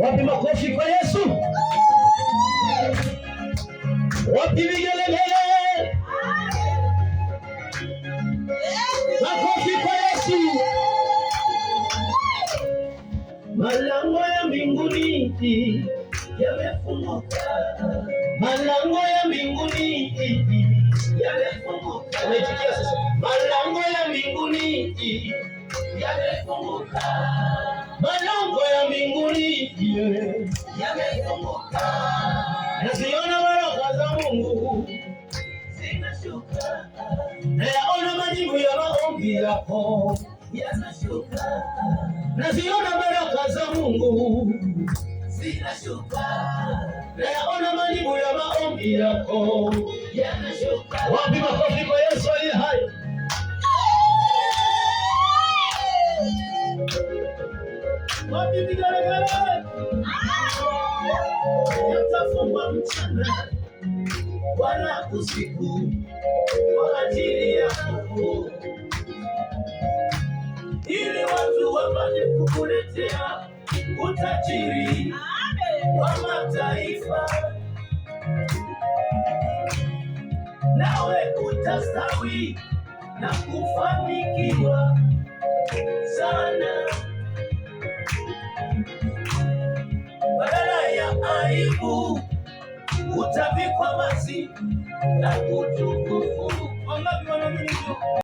Wapi makofi kwa Yesu? Wapi vigelegele? Makofi kwa Yesu. Malango ya mbinguni yamefunguka. Malango ya mbinguni yamefunguka. Malango ya mbinguni yamefunguka malango ya mbinguni yamefunguka, naziona baraka za Mungu zinashuka, nayaona majibu ya maombi yako yanashuka, naziona baraka za Mungu zinashuka, nayaona majibu ya maombi yako yanashuka. Wapi makofi kwa Yesu? Wapi vigelegele yatafungwa mchana wala usiku kwa ajili yako, ili watu wapate kukuletea utajiri wa mataifa, nawe utastawi na kufanikiwa sana. udhaifu utavikwa mazi na kutukufu.